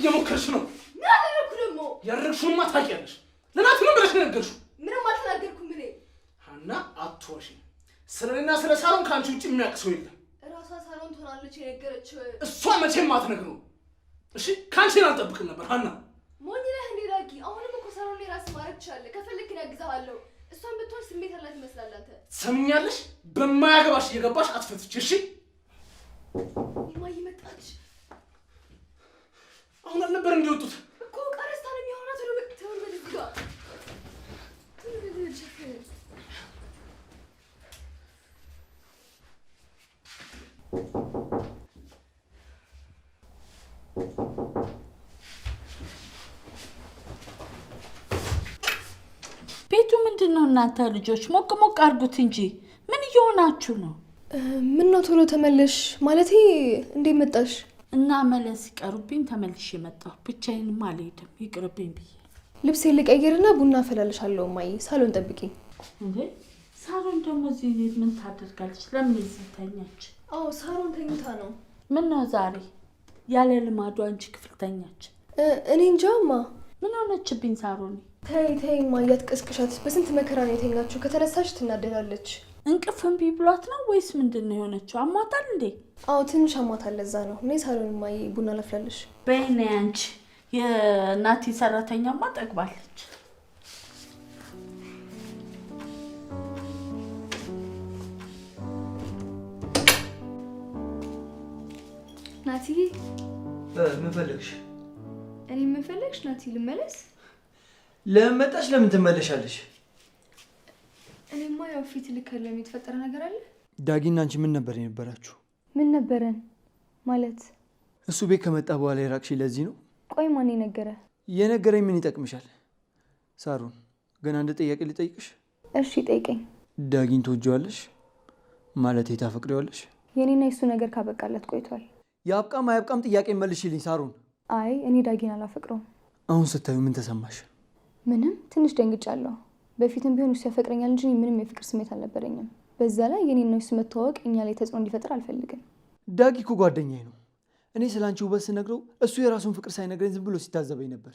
እየሞከርሽ ነው። ምን አደረግኩ ደግሞ? ያደረግሽውማ ታውቂያለሽ። ለናት ምን ብለሽ ነገርሽው? ምንም አልተናገርኩም። እኔ ሀና አትዋሽ። ስለኔና ስለ ሳሮን ከአንቺ ውጭ የሚያውቅ ሰው የለም። እራሷ ሳሮን ትሆናለች የነገረችው። እሷ መቼም አትነግረው። እሺ ከአንቺን አልጠብቅም ነበር ሀና። ሞኝ ነህ እንዴ ዳጊ? አሁንም እኮ ሳሮን ላይ ራስ ማድረግ ትችላለህ። ከፈለግህ ያግዛሃለሁ። እሷን ብትሆን ስሜት ያላት ይመስላል። አንተ ሰምኛለሽ? በማያገባሽ እየገባሽ አትፈትች። እሺ ማይ መጣች አሁን አልነበር እንዲወጡት እኮ ቀረስታ ነው የሚሆነው። ተወለቅ ተወለቅ እዚህ ጋር ቤቱ ምንድን ነው? እናንተ ልጆች ሞቅ ሞቅ አድርጉት እንጂ ምን እየሆናችሁ ነው? ምን ነው ቶሎ ተመለሽ ማለት እንዴ መጣሽ? እና መለስ ሲቀሩብኝ ተመልሼ መጣሁ። ብቻዬንም አልሄድም ይቅርብኝ ብዬ ልብሴ ልቀይርና ቡና አለው እማዬ ሳሎን ጠብቂኝ። እንዴ ሳሎን ደግሞ እዚህ ቤት ምን ታደርጋለች? ለምን እዚህ ተኛች? አዎ ሳሎን ተኝታ ነው። ምን ነው ዛሬ ያለ ልማዱ አንቺ ክፍል ተኛች? እኔ እንጃማ። ምን ሆነችብኝ ሳሮን? ተይ ተይ እማዬ አትቀስቅሻት። በስንት መከራ ነው የተኛችው። ከተነሳች ትናደዳለች። እንቅፍ እምቢ ብሏት ነው ወይስ ምንድን ነው የሆነችው? አሟታል እንዴ? አዎ ትንሽ አሟታል። ለዛ ነው እኔ ሳሎን ማይ ቡና ላፍላለሽ። በይኔ አንቺ የናቲ ሰራተኛማ ጠግባለች። ናቲ ምን ፈለግሽ? እኔ ምን ፈለግሽ ናቲ? ልመለስ? ለምን መጣሽ? ለምን ትመለሻለሽ? እኔማ ያው ፊት ልከለም የተፈጠረ ነገር አለ። ዳጊና አንቺ ምን ነበር የነበራችሁ? ምን ነበረን ማለት እሱ ቤት ከመጣ በኋላ የራቅሽ ለዚህ ነው? ቆይ ማን የነገረ የነገረኝ ምን ይጠቅምሻል? ሳሩን ግን አንድ ጥያቄ ልጠይቅሽ። እሺ ጠይቀኝ። ዳጊን ትወጂዋለሽ? ማለት ታፈቅሪዋለሽ? የእኔና የሱ ነገር ካበቃለት ቆይቷል። የአብቃም አያብቃም ጥያቄ መልሽልኝ ሳሩን። አይ እኔ ዳጊን አላፈቅረውም። አሁን ስታዩ ምን ተሰማሽ? ምንም ትንሽ ደንግጫለሁ። በፊትም ቢሆን እሱ ያፈቅረኛል እንጂ ምንም የፍቅር ስሜት አልነበረኝም። በዛ ላይ ነው እሱ መተዋወቅ እኛ ላይ ተጽዕኖ እንዲፈጥር አልፈልግም። ዳጊ እኮ ጓደኛዬ ነው። እኔ ስለ አንቺ ውበት ስነግረው እሱ የራሱን ፍቅር ሳይነግረኝ ዝም ብሎ ሲታዘበኝ ነበር።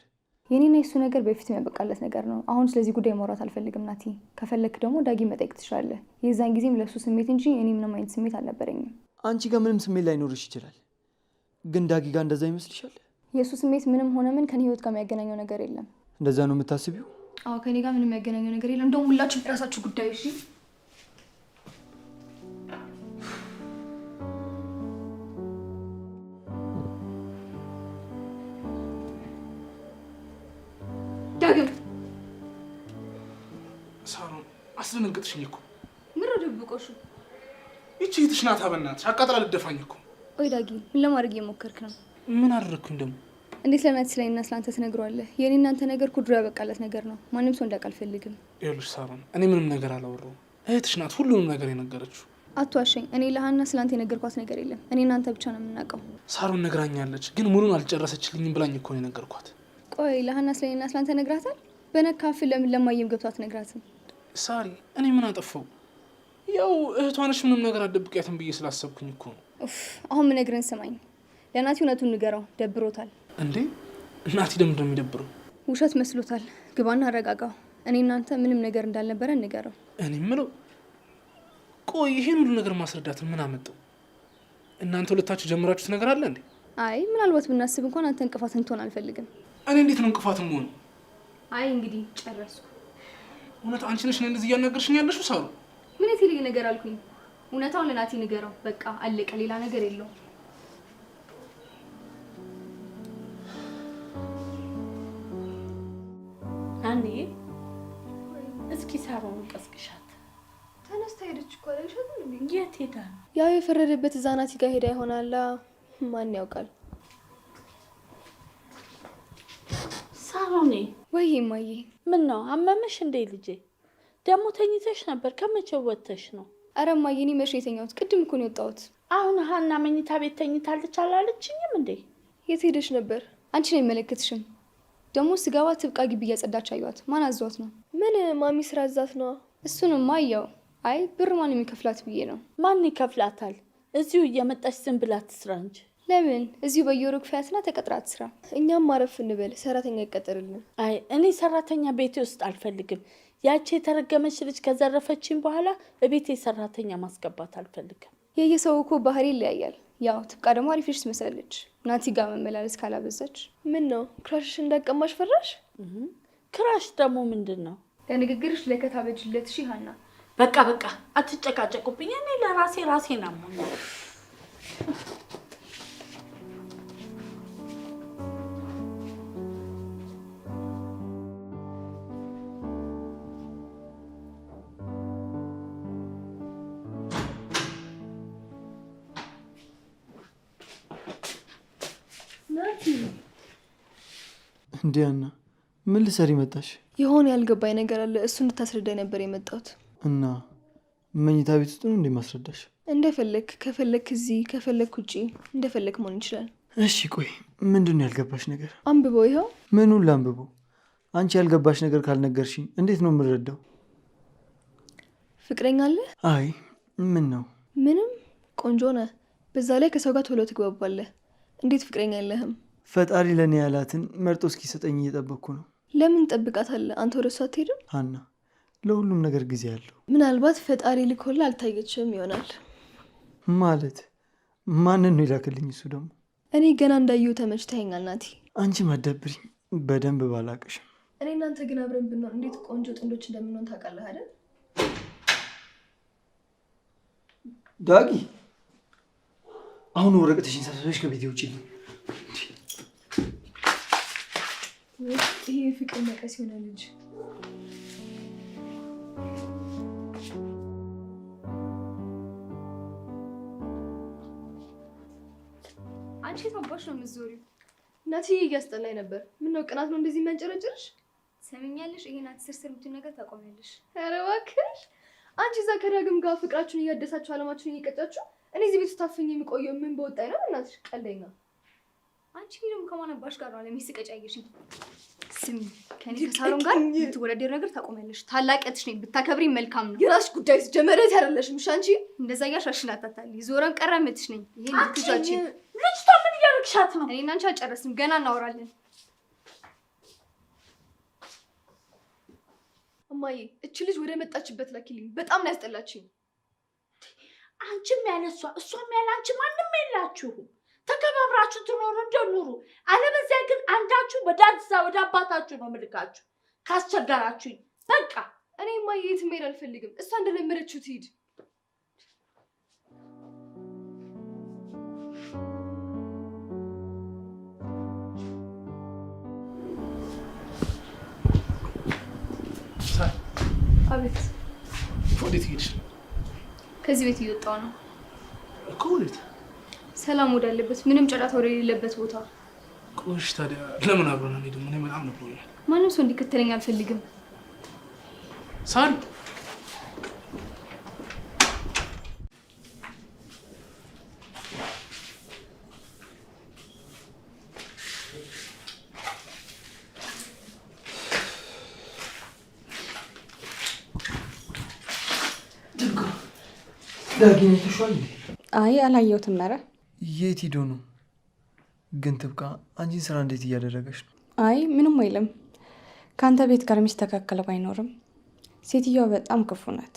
የኔና የሱ ነገር በፊት የሚያበቃለት ነገር ነው። አሁን ስለዚህ ጉዳይ ማውራት አልፈልግም ናቲ። ከፈለክ ደግሞ ዳጊ መጠየቅ ትችላለህ። የዛን ጊዜም ለእሱ ስሜት እንጂ እኔ ምንም አይነት ስሜት አልነበረኝም። አንቺ ጋር ምንም ስሜት ላይኖርሽ ይችላል፣ ግን ዳጊ ጋር እንደዛ ይመስልሻል? የእሱ ስሜት ምንም ሆነ ምን ከኔ ህይወት ጋር የሚያገናኘው ነገር የለም። እንደዛ ነው የምታስቢው? አዎ ከኔ ጋር ምንም የሚያገናኘው ነገር የለም። እንደውም ሁላችሁ የራሳችሁ ጉዳይ እሺ። ዳግም ሳሮን አስደነግጥሽኝ እኮ ምሮ ደብቆሹ ይቺ እህትሽ አቃጥላ ልደፋኝ እኮ። ወይ ዳጊ ምን ለማድረግ እየሞከርክ ነው? ምን አደረግኩኝ ደግሞ እንዴት ለእናት ስለ እኔና ስላንተ ትነግረዋለህ? የእኔ እናንተ ነገር እኮ ድሮ ያበቃለት ነገር ነው። ማንም ሰው እንዳውቅ አልፈልግም። ይኸውልሽ ሳሮን፣ እኔ ምንም ነገር አላወራሁም። እህትሽ ናት ሁሉንም ነገር የነገረችው። አትዋሸኝ። እኔ ለሀና ስላንተ የነገርኳት ነገር የለም። እኔ እናንተ ብቻ ነው የምናውቀው። ሳሮን ነግራኛለች፣ ግን ሙሉን አልጨረሰችልኝም ብላኝ እኮ ነው የነገርኳት። ቆይ ለሀና ስለ እኔና ስላንተ ነግራታል? በነካፍ ለምን ለማየም ገብቷት ነግራትም? ሳሪ፣ እኔ ምን አጠፋው? ያው እህቷነች ምንም ነገር አደብቂያትም ብዬ ስላሰብኩኝ እኮ ነው። አሁን ምነግርን ስማኝ። ለእናት እውነቱን ንገረው፣ ደብሮታል እንዴ እናቲ ደም እንደሚደብረው ውሸት መስሎታል። ግባና አረጋጋው። እኔ እናንተ ምንም ነገር እንዳልነበረ ንገረው። እኔ ምለው ቆይ ይሄን ሁሉ ነገር ማስረዳትን ምን አመጣው? እናንተ ሁለታችሁ ጀምራችሁት ነገር አለ እንዴ? አይ ምናልባት ብናስብ እንኳን አንተ እንቅፋት እንትሆን አልፈልግም። እኔ እንዴት ነው እንቅፋት መሆኑ? አይ እንግዲህ ጨረሱ። እውነት አንቺ ነሽ ነው እንደዚህ እያናገርሽኝ ያለሽው? ሳሩ ምን የትልይ ነገር አልኩኝ። እውነታውን ለናቲ ንገረው። በቃ አለቀ። ሌላ ነገር የለውም። ያኔ እስኪ ሳባውን ቀስቅሻት። ተነስታ ሄደች እኮ አላልሻት? የት ሄዳ? ያው የፈረደበት ህጻናት ጋር ሄዳ ይሆናላ። ማን ያውቃል? ሳሮኔ ወይ ማዬ፣ ምን ነው አመመሽ እንዴ ልጄ? ደግሞ ተኝተሽ ነበር፣ ከመቼው ወጥተሽ ነው? አረ ማዬ፣ እኔ መቼ የተኛሁት? ቅድም እኮ ነው የወጣሁት። አሁን ሀና መኝታ ቤት ተኝታለች አላለችኝም እንዴ? የት ሄደች ነበር? አንቺን አይመለከትሽም። ደግሞ ስገባ ትብቃ ግቢ እያጸዳች አየዋት ማን አዟት ነው? ምን ማሚ ስራ እዛት ነዋ። እሱንማ ያው አይ ብር ማን የሚከፍላት ብዬ ነው። ማን ይከፍላታል? እዚሁ እየመጣች ዝም ብላ ትስራ እንጂ። ለምን እዚሁ በየወሩ ክፍያትና ተቀጥራ ትስራ። እኛም ማረፍ እንበል፣ ሰራተኛ ይቀጠርልን። አይ እኔ ሰራተኛ ቤቴ ውስጥ አልፈልግም። ያቺ የተረገመች ልጅ ከዘረፈችን በኋላ እቤቴ ሰራተኛ ማስገባት አልፈልግም። የየሰው እኮ ባህሪ ይለያያል። ያው ትብቃ ደግሞ አሪፍሽ ትመስላለች። ናቲ ጋር መመላለስ ካላበዛች። ምን ነው ክራሽሽ እንዳቀማሽ ፈራሽ? ክራሽ ደግሞ ምንድን ነው? ለንግግርሽ ለከታበጅለት ሺ ሀና በቃ በቃ አትጨቃጨቁብኝ። እኔ ለራሴ ራሴ ናሞኛል እንዴ ያና ምን ልሰሪ መጣሽ? የሆነ ያልገባኝ ነገር አለ። እሱ እንድታስረዳኝ ነበር የመጣሁት። እና መኝታ ቤት ውስጥ ነው እንዴ ማስረዳሽ? እንደፈለክ ከፈለክ እዚህ ከፈለክ ውጪ እንደፈለክ መሆን ይችላል። እሺ ቆይ ምንድን ነው ያልገባሽ ነገር? አንብቦ ይኸው። ምኑን ላንብበው? አንቺ ያልገባሽ ነገር ካልነገርሽኝ እንዴት ነው የምንረዳው? ፍቅረኛ አለ? አይ ምን ነው ምንም። ቆንጆ ነህ። በዛ ላይ ከሰው ጋር ቶሎ ትግባባለህ። እንዴት ፍቅረኛ የለህም? ፈጣሪ ለእኔ ያላትን መርጦ እስኪሰጠኝ እየጠበቅኩ ነው። ለምን ጠብቃታለህ? አንተ ወደ እሷ አትሄድም? ሀና፣ ለሁሉም ነገር ጊዜ አለው። ምናልባት ፈጣሪ ልኮላ አልታየችም ይሆናል። ማለት ማንን ነው ይላክልኝ? እሱ ደግሞ እኔ ገና እንዳየሁ ተመችተኸኛል ናቲ። አንቺ ማዳብሪኝ በደንብ ባላቅሽም፣ እኔ እናንተ ግን አብረን ብንሆን እንዴት ቆንጆ ጥንዶች እንደምንሆን ታውቃለህ አይደል? ዳጊ፣ አሁን ወረቀትሽን ሰብሰበሽ ከቤት ውጭ ይሄ ፍቅር መቀስ የሆነ ልጅ አንቺ የታባሽ ነው የምትዞሪው? እናትዬ እያስጠላኝ ነበር። ምነው ቅናት ነው እንደዚህ የሚያንጨረጭርሽ? ሰምኛለሽ። ይሄን አትስር የምትይው ነገር ታቆሚያለሽ። ኧረ እባክሽ አንቺ እዛ ከዳግም ጋር ፍቅራችሁን እያደሳችሁ አለማችሁን እየቀጫችሁ እኔ እዚህ ቤት ታፍኝ የሚቆየው ምን በወጣኝ ነው? እናትሽ ቀለኛ አንቺ ደግሞ ከማናባሽ ጋር ነው አለ የሚስቀጫየሽ ስሚ ከኔ ከሳሮን ጋር የምትወዳደር ነገር ታቆሚያለሽ። ታላቅ እህትሽ ነኝ ብታከብሪ መልካም ነው። የራስሽ ጉዳይ ጀመረት ያደለሽም ምሽ አንቺ እንደዛ እያልሽ አሽላታታል። ዞረም ቀረም እህትሽ ነኝ። ይሄን ልትጃችን ልጅቷ ምን እያደረግሻት ነው? እኔና አንቺ አልጨረስም፣ ገና እናወራለን። እማዬ እች ልጅ ወደ መጣችበት ላኪልኝ። በጣም ነው ያስጠላችኝ። አንቺም ያለ እሷ እሷም ያለ አንቺ ማንም የላችሁም። ተከባብራችሁ ትኖሩ እንደኑሩ። አለበዚያ ግን አንዳችሁ ወደ አዲስ አበባ ወደ አባታችሁ ነው ምልካችሁ። ካስቸገራችሁኝ በቃ እኔማ የት መሄድ አልፈልግም። እሷ እንደለመደችው ትሂድ። አቤት። ወዴት ሄድሽ? ከዚህ ቤት እየወጣሁ ነው እኮ። ወዴት ሰላም ወዳለበት ምንም ጨረታ ወደሌለበት ቦታ። ቆሽ ታዲያ ለምን አብረን አንሄድም? እኔ በጣም ነብሮኛል። ማንም ሰው እንዲከተለኝ አልፈልግም። ሳል ዳጊ ነተሿል። አይ አላየሁትም። ኧረ የት ሂዶ ነው ግን? ትብቃ አንቺን ስራ እንዴት እያደረገች ነው? አይ ምንም አይልም። ከአንተ ቤት ጋር የሚስተካከለው ባይኖርም ሴትዮዋ በጣም ክፉ ናት።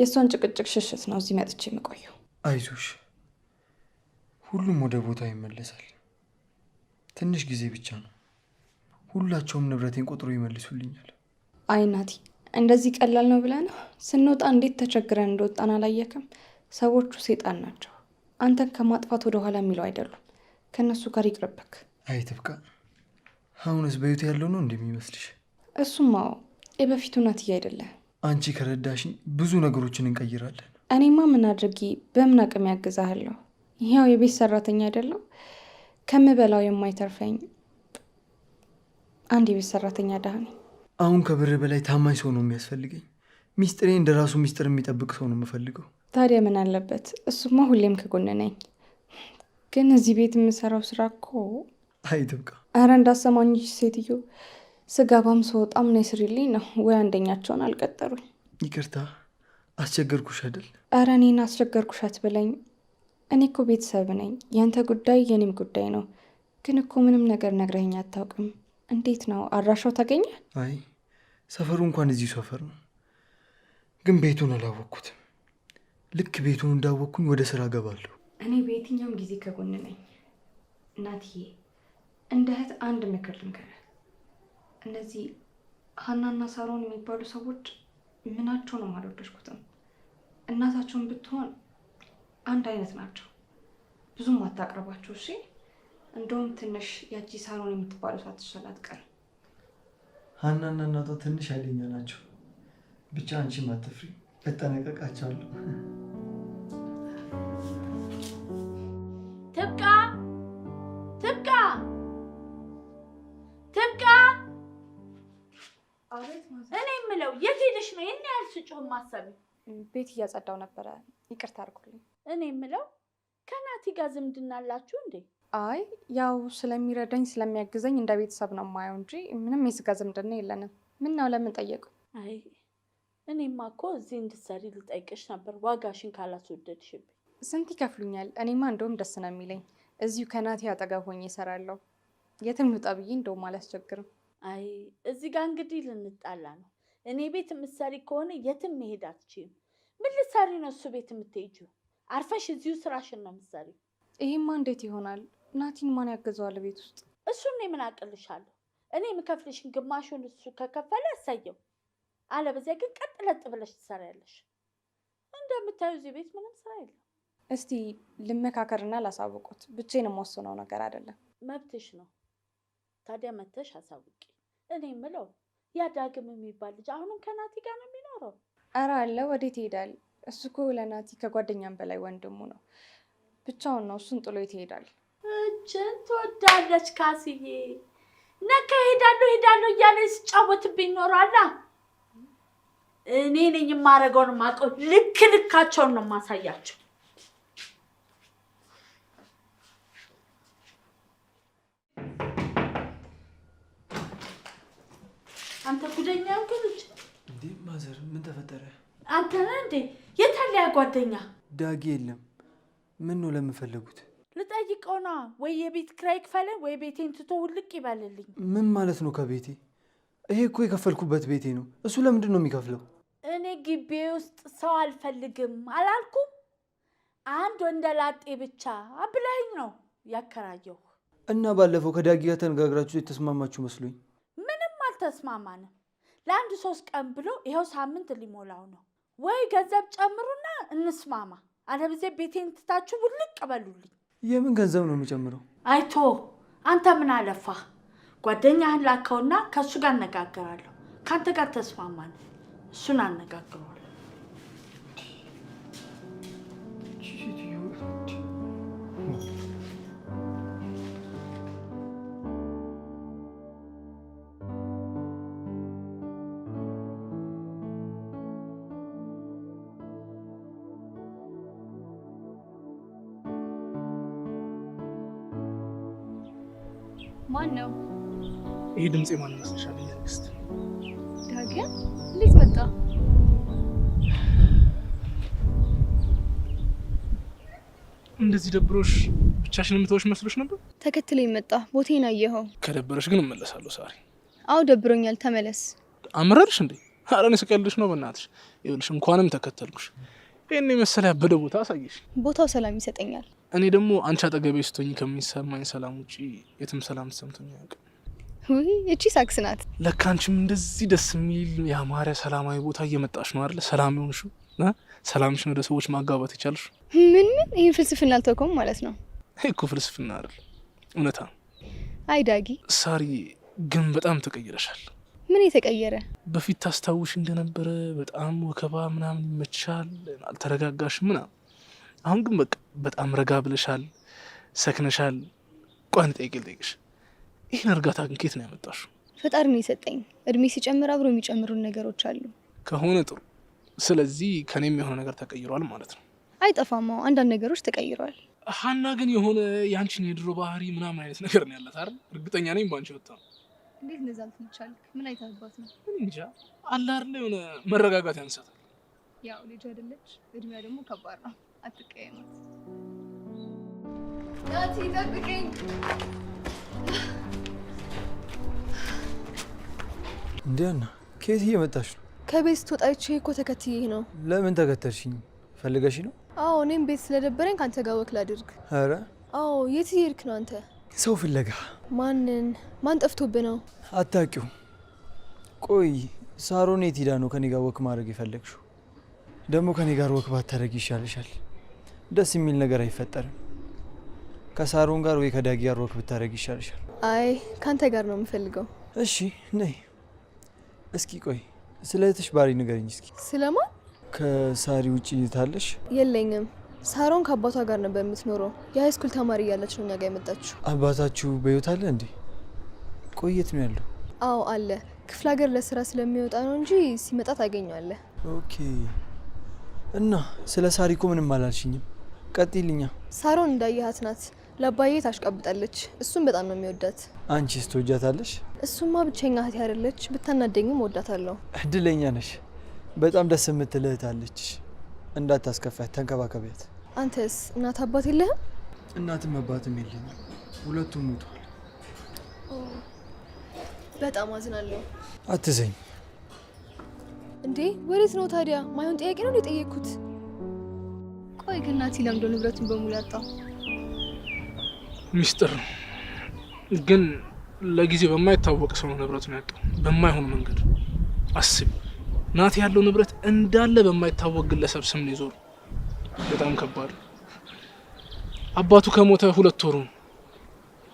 የእሷን ጭቅጭቅ ሽሽት ነው እዚህ መጥቼ የምቆዩ አይዞሽ፣ ሁሉም ወደ ቦታ ይመለሳል። ትንሽ ጊዜ ብቻ ነው። ሁላቸውም ንብረቴን ቆጥሮ ይመልሱልኛል። አይ ናቲ፣ እንደዚህ ቀላል ነው ብለህ ነው? ስንወጣ እንዴት ተቸግረን እንደወጣን አላየክም? ሰዎቹ ሴጣን ናቸው። አንተን ከማጥፋት ወደኋላ የሚለው አይደሉም። ከእነሱ ጋር ይቅርብክ። አይ ትብቃ። አሁንስ በዩት ያለው ነው እንደሚመስልሽ? እሱማ የበፊቱ ናትዬ አይደለ አንቺ ከረዳሽኝ ብዙ ነገሮችን እንቀይራለን። እኔማ ምን አድርጊ በምን አቅም ያግዛሃለሁ? ያው የቤት ሰራተኛ አይደለሁ ከምበላው የማይተርፈኝ አንድ የቤት ሰራተኛ ድሃ ነኝ። አሁን ከብር በላይ ታማኝ ሰው ነው የሚያስፈልገኝ። ሚስጥሬ እንደ ራሱ ሚስጥር የሚጠብቅ ሰው ነው የምፈልገው። ታዲያ ምን አለበት? እሱማ ሁሌም ከጎን ነኝ። ግን እዚህ ቤት የምሰራው ስራ እኮ አይትብቃ። አረ እንዳሰማኝ ሴትዮ፣ ስጋባም ስወጣም ነው ስሪልኝ ነው ወይ አንደኛቸውን አልቀጠሩኝ። ይቅርታ አስቸገርኩሽ አይደል? አረ እኔን አስቸገርኩሽ አትበለኝ። እኔ እኮ ቤተሰብ ነኝ። ያንተ ጉዳይ የኔም ጉዳይ ነው። ግን እኮ ምንም ነገር ነግረኸኝ አታውቅም። እንዴት ነው አድራሻው ታገኛል? አይ ሰፈሩ እንኳን እዚሁ ሰፈር ነው፣ ግን ቤቱን አላወቅኩትም። ልክ ቤቱን እንዳወቅኩኝ ወደ ስራ ገባለሁ። እኔ በየትኛውም ጊዜ ከጎን ነኝ። እናትዬ፣ እንደ እህት አንድ ምክር ልንገርህ። እነዚህ ሀናና ሳሮን የሚባሉ ሰዎች ምናቸው ነው አልወደድኩትም። እናታቸውን ብትሆን አንድ አይነት ናቸው። ብዙም አታቅርባቸው እሺ። እንደውም ትንሽ ያቺ ሳሮን የምትባለው ሳትሻል አትቀርም። ሀናና እናቷ ትንሽ አይለኛ ናቸው። ብቻ አንቺም አትፍሪ። ልጠነቀቃቸዋለሁ። ትብቃ ትብቃ ትብቃ። እኔ የምለው የት ሄደሽ ነው? ይህን ያህል ስጮህ ማሰብ። ቤት እያጸዳው ነበረ፣ ይቅርታ አድርጉልኝ። እኔ የምለው ከናቲ ጋር ዝምድና አላችሁ እንዴ? አይ ያው ስለሚረዳኝ ስለሚያግዘኝ እንደ ቤተሰብ ነው ማየው እንጂ ምንም የስጋ ዝምድና የለንም። ምን ነው ለምን ጠየቁ? አይ እኔማ እኮ እዚህ እንድትሰሪ ልጠይቅሽ ነበር ዋጋሽን ካላስወደድሽብኝ። ስንት ይከፍሉኛል? እኔማ እንደውም ደስ ነው የሚለኝ እዚሁ ከናቴ አጠገብ ሆኜ እሰራለሁ። የትም ልውጣ ብዬ እንደውም አላስቸግርም። አይ እዚህ ጋር እንግዲህ ልንጣላ ነው። እኔ ቤት የምትሰሪ ከሆነ የትም መሄድ አትችይም። ምን ልትሰሪ ነው እሱ ቤት የምትሄጂው? አርፈሽ እዚሁ ስራሽን ነው የምትሰሪ። ይሄማ እንዴት ይሆናል? ናቲን ማን ያገዘዋል ቤት ውስጥ? እሱ እኔ ምን አቅልሻለሁ? እኔ የምከፍልሽን ግማሹን እሱ ከከፈለ ያሳየው አለበዚያ ግን ቀጥ ለጥ ብለሽ ትሰሪያለሽ። እንደምታዩ እዚህ ቤት ምንም ስራ የለም። እስቲ ልመካከርና ላሳውቁት። ብቻ የምወስነው ነገር አይደለም። መብትሽ ነው። ታዲያ መተሽ አሳውቂ። እኔ ምለው ያ ዳግም የሚባል ልጅ አሁንም ከናቲ ጋር ነው የሚኖረው? ኧረ አለ፣ ወዴት ይሄዳል? እሱ እኮ ለናቲ ከጓደኛም በላይ ወንድሙ ነው። ብቻውን ነው፣ እሱን ጥሎ ይሄዳል። እችን ትወዳለች ካስዬ። ነካ ሄዳለሁ ሄዳለሁ እያለ ሲጫወትብኝ ኖሯላ እኔ ነኝ የማደርገውን ልክ ልካቸውን ነው የማሳያቸው። አንተ ጉደኛ ልጅ እንዴ! ማዘር ምን ተፈጠረ? አንተ ነህ እንዴ? የተለያ ጓደኛ ዳጊ የለም። ምን ነው ለምፈለጉት? ልጠይቀው ወይ የቤት ክራይ ክፈለን ወይ ቤቴን ትቶ ውልቅ ይበልልኝ። ምን ማለት ነው? ከቤቴ ይሄ እኮ የከፈልኩበት ቤቴ ነው። እሱ ለምንድን ነው የሚከፍለው? እኔ ግቢ ውስጥ ሰው አልፈልግም አላልኩም? አንድ ወንደላጤ ብቻ አብላኝ ነው ያከራየሁ። እና ባለፈው ከዳጊ ጋር ተነጋግራችሁ የተስማማችሁ መስሎኝ። ምንም አልተስማማንም። ለአንድ ሶስት ቀን ብሎ ይኸው ሳምንት ሊሞላው ነው። ወይ ገንዘብ ጨምሩና እንስማማ፣ አለብዜ ቤቴን ትታችሁ ውልቅ በሉልኝ። የምን ገንዘብ ነው የሚጨምረው? አይቶ አንተ ምን አለፋ። ጓደኛህን ላከውና ከእሱ ጋር እነጋገራለሁ። ከአንተ ጋር ተስማማን። 순한 갖고. ማን ነው ይህ ድምፅ? የማን መስለሻል? መንግስት ዳግም መጣ። እንደዚህ ደብሮሽ ብቻሽን የምትወሽ መስሎሽ ነበር። ተከትለኝ መጣ። ቦቴን አየኸው። ከደበረሽ ግን እመለሳለሁ ሳሪ። አዎ ደብሮኛል፣ ተመለስ። አምረርሽ እንዴ? ኧረ እኔ ስቀልድሽ ነው በእናትሽ። ይኸውልሽ እንኳንም ተከተልኩሽ። ይህን የመሰለ ያበደ ቦታ አሳየሽ። ቦታው ሰላም ይሰጠኛል። እኔ ደግሞ አንቺ አጠገቤ ስትሆኝ ከሚሰማኝ ሰላም ውጪ የትም ሰላም ተሰምቶኝ አያውቅም። እቺ ሳክስ ናት ለካ። አንቺም እንደዚህ ደስ የሚል ያማረ ሰላማዊ ቦታ እየመጣሽ ነው አለ ሰላም የሆንሹ ሰላምሽን ወደ ሰዎች ማጋባት ይቻልሽ። ምን ምን ይህ ፍልስፍና አልተውከውም ማለት ነው። ይህ እኮ ፍልስፍና አይደል፣ እውነታ ነው። አይ ዳጊ፣ ሳሪ ግን በጣም ተቀይረሻል። ምን የተቀየረ? በፊት ታስታውሽ እንደነበረ በጣም ወከባ ምናምን ይመቻል፣ አልተረጋጋሽ ምናምን። አሁን ግን በቃ በጣም ረጋ ብለሻል፣ ሰክነሻል። ቋን ጠይቄ ልጠይቅሽ ይህን እርጋታ ግን ከየት ነው ያመጣሽ? ፈጣሪ ነው የሰጠኝ። እድሜ ሲጨምር አብሮ የሚጨምሩን ነገሮች አሉ። ከሆነ ጥሩ። ስለዚህ ከኔ የሆነ ነገር ተቀይሯል ማለት ነው። አይጠፋማው። አንዳንድ ነገሮች ተቀይሯል። ሀና ግን የሆነ የአንቺን የድሮ ባህሪ ምናምን አይነት ነገር ነው ያለት አይደል? እርግጠኛ ነኝ በአንቺ ወጣ ነው። እንዴት ነዛ ልትንቻል? ምን አይታባት ነው? ምን እንጃ አለ የሆነ መረጋጋት ያንሳታል። ያው ልጅ አይደለች፣ እድሜያ ደግሞ ከባድ ነው። አትቀየማት። ዳቲ ጠብቀኝ እንዴ ሀና፣ ከየት እየመጣሽ ነው? ከቤት ስትወጣ አይቼ እኮ ተከትዬ ነው። ለምን ተከተልሽኝ? ፈልገሽ ነው? አዎ፣ እኔም ቤት ስለደበረኝ ከአንተ ጋር ወክ ላድርግ። ኧረ አዎ። የት እየሄድክ ነው አንተ? ሰው ፍለጋ። ማንን? ማን ጠፍቶብህ ነው? አታውቂውም? ቆይ ሳሮን የት ሄዳ ነው ከኔ ጋር ወክ ማድረግ የፈለግሽው? ደግሞ ከኔ ጋር ወክ ባታደርግ ይሻልሻል። ደስ የሚል ነገር አይፈጠርም። ከሳሮን ጋር ወይ ከዳጊ ጋር ወክ ብታደርግ ይሻልሻል። አይ ከአንተ ጋር ነው የምፈልገው። እሺ ነይ። እስኪ ቆይ ስለ ተሽባሪ ባሪ እስኪ። ስለማ ከሳሪ ውጭ ይታለሽ? የለኝም። ሳሮን ከአባቷ ጋር ነበር የምትኖረው። የሃይስኩል ተማሪ እያለች ነው እኛ ጋር የመጣችው። አባታችሁ በህይወት አለ እንዴ? ቆየት ነው ያለው? አዎ አለ። ክፍለ ሀገር ለስራ ስለሚወጣ ነው እንጂ ሲመጣ ታገኘዋለህ። ኦኬ። እና ስለ ሳሪ እኮ ምንም አላልሽኝም። ቀጥልኛ። ሳሮን እንዳየሃት ናት ለአባዬ ታሽቃብጣለች። እሱም በጣም ነው የሚወዳት። አንቺስ ትወጃታለሽ? እሱማ ብቸኛ እህቴ አይደለች፣ ብታናደኝም ወዳታለሁ። እድለኛ ነሽ። በጣም ደስ የምትል እህት አለች። እንዳታስከፋት፣ ተንከባከቢያት። አንተስ እናት አባት የለህም? እናትም አባትም የለኝም። ሁለቱም ሞቷል። በጣም አዝናለሁ። አትዘኝ እንዴ። ወዴት ነው ታዲያ? ማይሆን ጥያቄ ነው የጠየቅኩት። ቆይ ግን ናቲ ለምዶ ንብረቱን በሙሉ ያጣው ሚስጥር ግን ለጊዜው በማይታወቅ ሰው ንብረት ነው ያጣው። በማይሆን መንገድ አስብ። ናት ያለው ንብረት እንዳለ በማይታወቅ ግለሰብ ስም ይዞሩ። በጣም ከባድ። አባቱ ከሞተ ሁለት ወሩ ነው።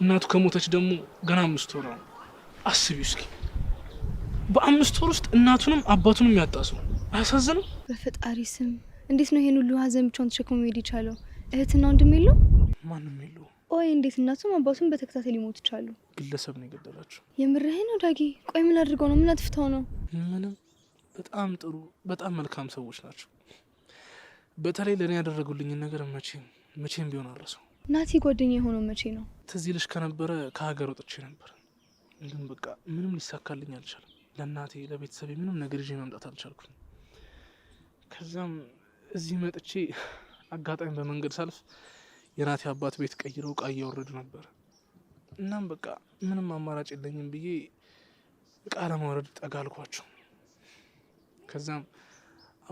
እናቱ ከሞተች ደግሞ ገና አምስት ወር ነው። አስቢ እስኪ በአምስት ወር ውስጥ እናቱንም አባቱንም ያጣ ሰው አያሳዝንም? በፈጣሪ ስም እንዴት ነው ይሄን ሁሉ ሀዘን ብቻውን ተሸክሞ መሄድ ይቻለው እህትና ወንድም የለው? ማንም የለው። ቆይ እንዴት እናቱም አባቱም በተከታተል ሊሞት ይቻሉ? ግለሰብ ነው የገደላቸው። የምርህ ነው ዳጊ? ቆይ ምን አድርገው ነው? ምን አጥፍተው ነው? ምንም። በጣም ጥሩ፣ በጣም መልካም ሰዎች ናቸው። በተለይ ለእኔ ያደረጉልኝን ነገር መቼም መቼም ቢሆን አረሰው። ናቲ ጓደኛ የሆነው መቼ ነው? ትዚህ ልሽ ከነበረ ከሀገር ወጥቼ ነበር፣ ግን በቃ ምንም ሊሳካልኝ አልቻለም። ለእናቴ ለቤተሰቤ ምንም ነገር ይዤ መምጣት አልቻልኩም። ከዛም እዚህ መጥቼ አጋጣሚ በመንገድ ሳልፍ የናቴ አባት ቤት ቀይረው እቃ እያወረዱ ነበር። እናም በቃ ምንም አማራጭ የለኝም ብዬ እቃ ለማውረድ ጠጋ አልኳቸው። ከዛም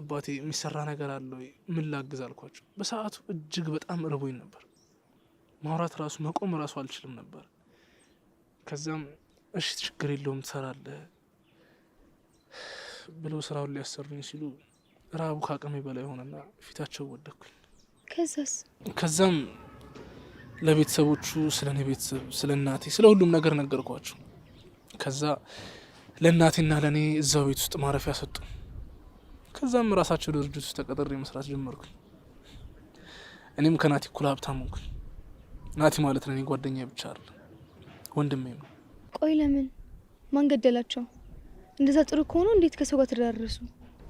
አባቴ የሚሰራ ነገር አለ ወይ? ምን ላግዝ አልኳቸው። በሰዓቱ እጅግ በጣም እርቦኝ ነበር። ማውራት ራሱ መቆም ራሱ አልችልም ነበር። ከዛም እሺ ችግር የለውም ትሰራለህ ብለው ስራውን ሊያሰሩኝ ሲሉ ረሃቡ ከአቅሜ በላይ ሆነና ፊታቸው ወደኩኝ። ከዛስ ከዛም ለቤተሰቦቹ ስለ እኔ ቤተሰብ ስለ እናቴ ስለ ሁሉም ነገር ነገርኳቸው። ከዛ ለእናቴና ለእኔ እዛው ቤት ውስጥ ማረፊያ ሰጡ። ከዛም ራሳቸው ድርጅት ውስጥ ተቀጥሬ መስራት ጀመርኩ። እኔም ከናቲ እኩል ሀብታም ሆንኩ። ናቲ ማለት ለእኔ ጓደኛ ብቻ አለ ወንድሜ ነው። ቆይ ለምን ማን ገደላቸው? እንደዛ ጥሩ ከሆኑ እንዴት ከሰው ጋር ተዳረሱ?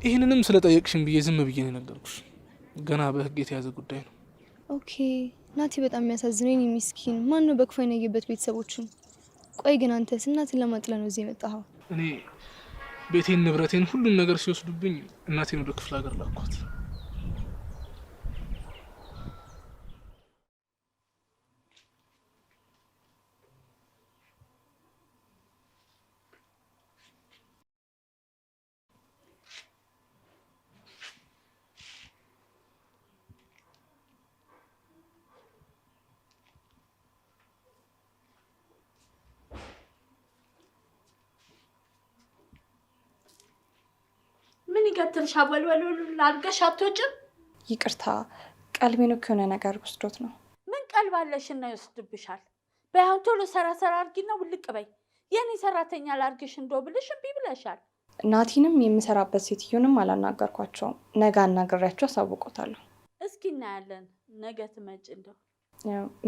ይህንንም ስለ ጠየቅሽን ብዬ ዝም ብዬ ነው የነገርኩሽ። ገና በህግ የተያዘ ጉዳይ ነው። ኦኬ ናቲ፣ በጣም የሚያሳዝነኝ የሚስኪን ማን ነው በክፋ የነየበት ቤተሰቦችን። ቆይ ግን አንተስ እናትን ለማጥለ ነው እዚህ የመጣኸው? እኔ ቤቴን፣ ንብረቴን፣ ሁሉን ነገር ሲወስዱብኝ እናቴን ወደ ክፍለ ሀገር ላኳት። ገትርሽ አወልወል አድርገሽ አትወጭም። ይቅርታ ቀልቤን እኮ የሆነ ነገር ወስዶት ነው። ምን ቀልብ አለሽ እና ይወስድብሻል? በያሁን ቶሎ ሰራ ሰራ አድርጊና ውልቅ በይ። የኔ ሰራተኛ ላድርግሽ እንደው ብልሽ እምቢ ብለሻል። ናቲንም የምሰራበት ሴትዮንም አላናገርኳቸውም። ነገ አናግሬያቸው አሳውቆታለሁ። እስኪ እናያለን። ነገ ትመጭ እንደው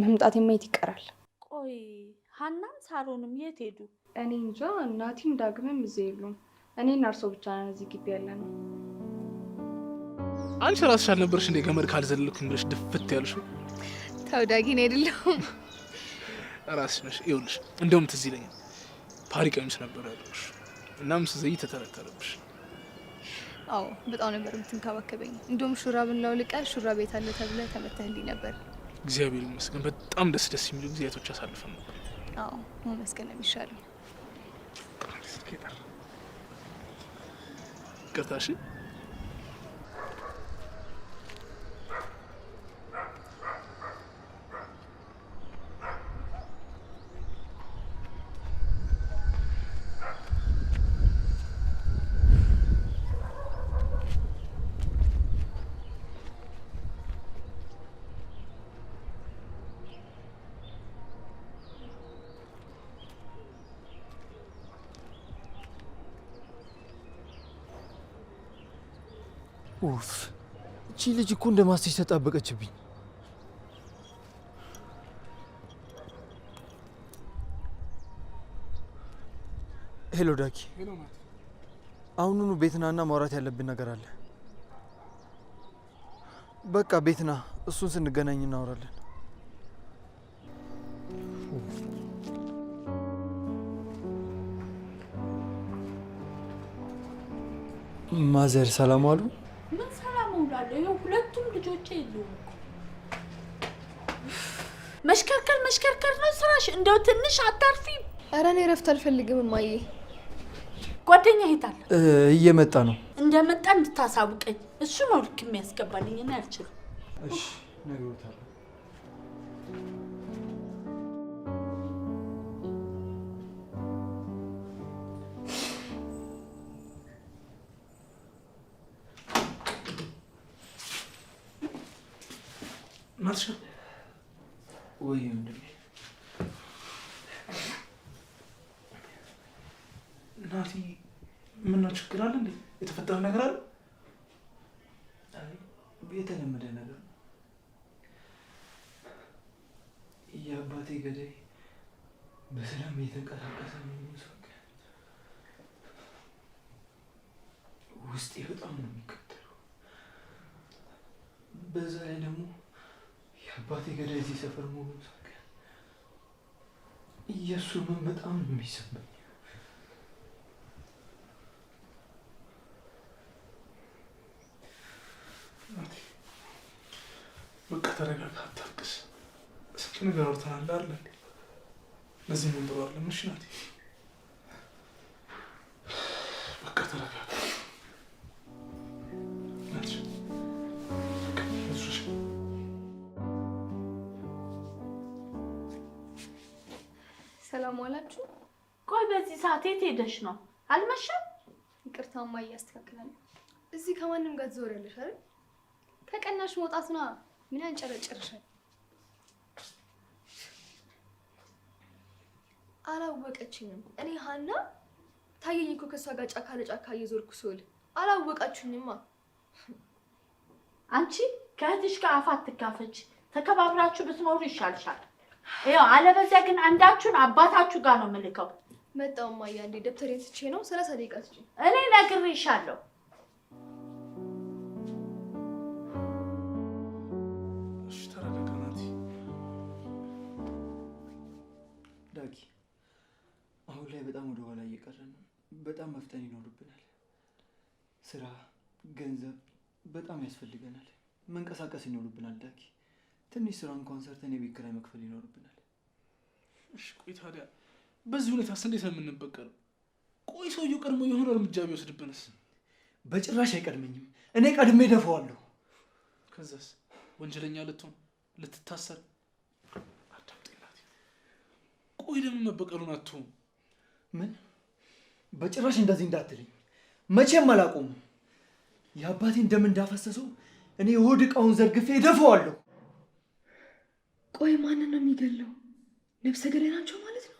መምጣቴማ የት ይቀራል። ቆይ ሀናም ሳሮንም የት ሄዱ? እኔ እንጃ። ናቲም ዳግምም እዚህ የሉም። እኔና እርሶ ብቻ ነን እዚህ ግቢ ያለ ነው። አንቺ ራስሽ አልነበረሽ እንደ ገመድ ካልዘለልኩኝ ብለሽ ድፍት ያልሽው? ተው ዳጊ፣ እኔ አይደለሁም ራስሽ ነሽ። ይኸውልሽ እንደውም ትዝ ይለኛል ፓሪ ቀሚስ ነበር ያለሽ፣ እናም ስዘይ ተተረተረብሽ። አዎ በጣም ነበር የምትንከባከበኝ። እንደውም ሹራብን ላውልቀ ሹራብ ቤት አለ ተብለ ተመተህልኝ ነበር። እግዚአብሔር ይመስገን በጣም ደስ ደስ የሚሉ ጊዜያቶች አሳልፈን ነበር። አዎ መመስገን ነው የሚሻለው። ይቅርታ እሺ ኡፍ እቺ ልጅ እኮ እንደ ማስተች ተጣበቀችብኝ። ሄሎ ዳኪ፣ አሁኑኑ ቤትናና ማውራት ያለብን ነገር አለ። በቃ ቤትና እሱን ስንገናኝ እናወራለን። ማዘር ሰላም አሉ? አለው። ይኸው ሁለቱም ልጆቼ የለውም እኮ መሽከርከር መሽከርከር ነው ስራሽ። እንደው ትንሽ አታርፊ? ኧረ እኔ እረፍት አልፈልግም እማዬ። ጓደኛ ይታል እየመጣ ነው። እንደመጣ እንድታሳውቀኝ እሱ ነው ልክ የሚያስገባልኝ። እኔ አልችልም። እሺ ነገሩታል ማርሻ ወይ ወንድሜ ናቲ፣ ምነው ችግር አለ እንዴ? የተፈጠረ ነገር አለ? የተለመደ ነገር ነው። የአባቴ ገዳይ በሰላም እየተንቀሳቀሰ ነው። ውስጤ በጣም ነው የሚከተለው። በዛ ላይ ደግሞ አባቴ ገዳይ እዚህ ሰፈር መሆኑ እየሱ ምን በጣም ነው የሚሰማኝ። በቃ ተረጋጋ፣ አታልቅስ። ስንት ነገር አውርተናል አለ ለዚህ ምን ብሎ አለ ምሽናት ሰዓት የት ሄደሽ ነው? አልመሸም? ይቅርታማ እያስተካክላለሁ። እዚህ ከማንም ጋር ትዞሪያለሽ አይደል? ከቀናሽ መውጣት ነዋ። ምን ያንጨረጭርሻል? አላወቀችኝም። እኔ ሀና ታየኝ እኮ ከእሷ ጋር ጫካ ለጫካ እየዞርኩ ስውል አላወቃችሁኝማ። አንቺ ከእህትሽ ጋር አፋት አትካፈች። ተከባብራችሁ ብትኖሩ ይሻልሻል። ያው አለበዚያ ግን አንዳችሁን አባታችሁ ጋር ነው የምልከው። መጣው ማያ አንዴ ደብተር ስቼ ነው። ሰላሳ ደቂቃ ስጪኝ። እኔ ነግሬሻለሁ። አሁን ላይ በጣም ወደ ኋላ እየቀረን ነው። በጣም መፍጠን ይኖርብናል። ስራ፣ ገንዘብ በጣም ያስፈልገናል። መንቀሳቀስ ይኖርብናል ዳኪ ትንሽ ስራ እንኳን ሰርተን የቤት ኪራይ መክፈል ይኖርብናል። እሺ ቆይ ታዲያ በዚህ ሁኔታስ እንዴት ነው የምንበቀለው? ቆይ ሰውየው ቀድሞ የሆነ እርምጃ ቢወስድብንስ? በጭራሽ አይቀድመኝም። እኔ ቀድሜ ደፈዋለሁ። ከዛስ ወንጀለኛ ልትሆን ልትታሰር። አዳምጤናት። ቆይ ደግሞ መበቀሉን አትሆን ምን? በጭራሽ እንደዚህ እንዳትልኝ። መቼም አላቆምም። የአባቴ እንደምን እንዳፈሰሰው እኔ የሆድ እቃውን ዘርግፌ ደፈዋለሁ። ቆይ ማንን ነው የሚገለው? ነፍሰ ገዳይ ናቸው ማለት ነው?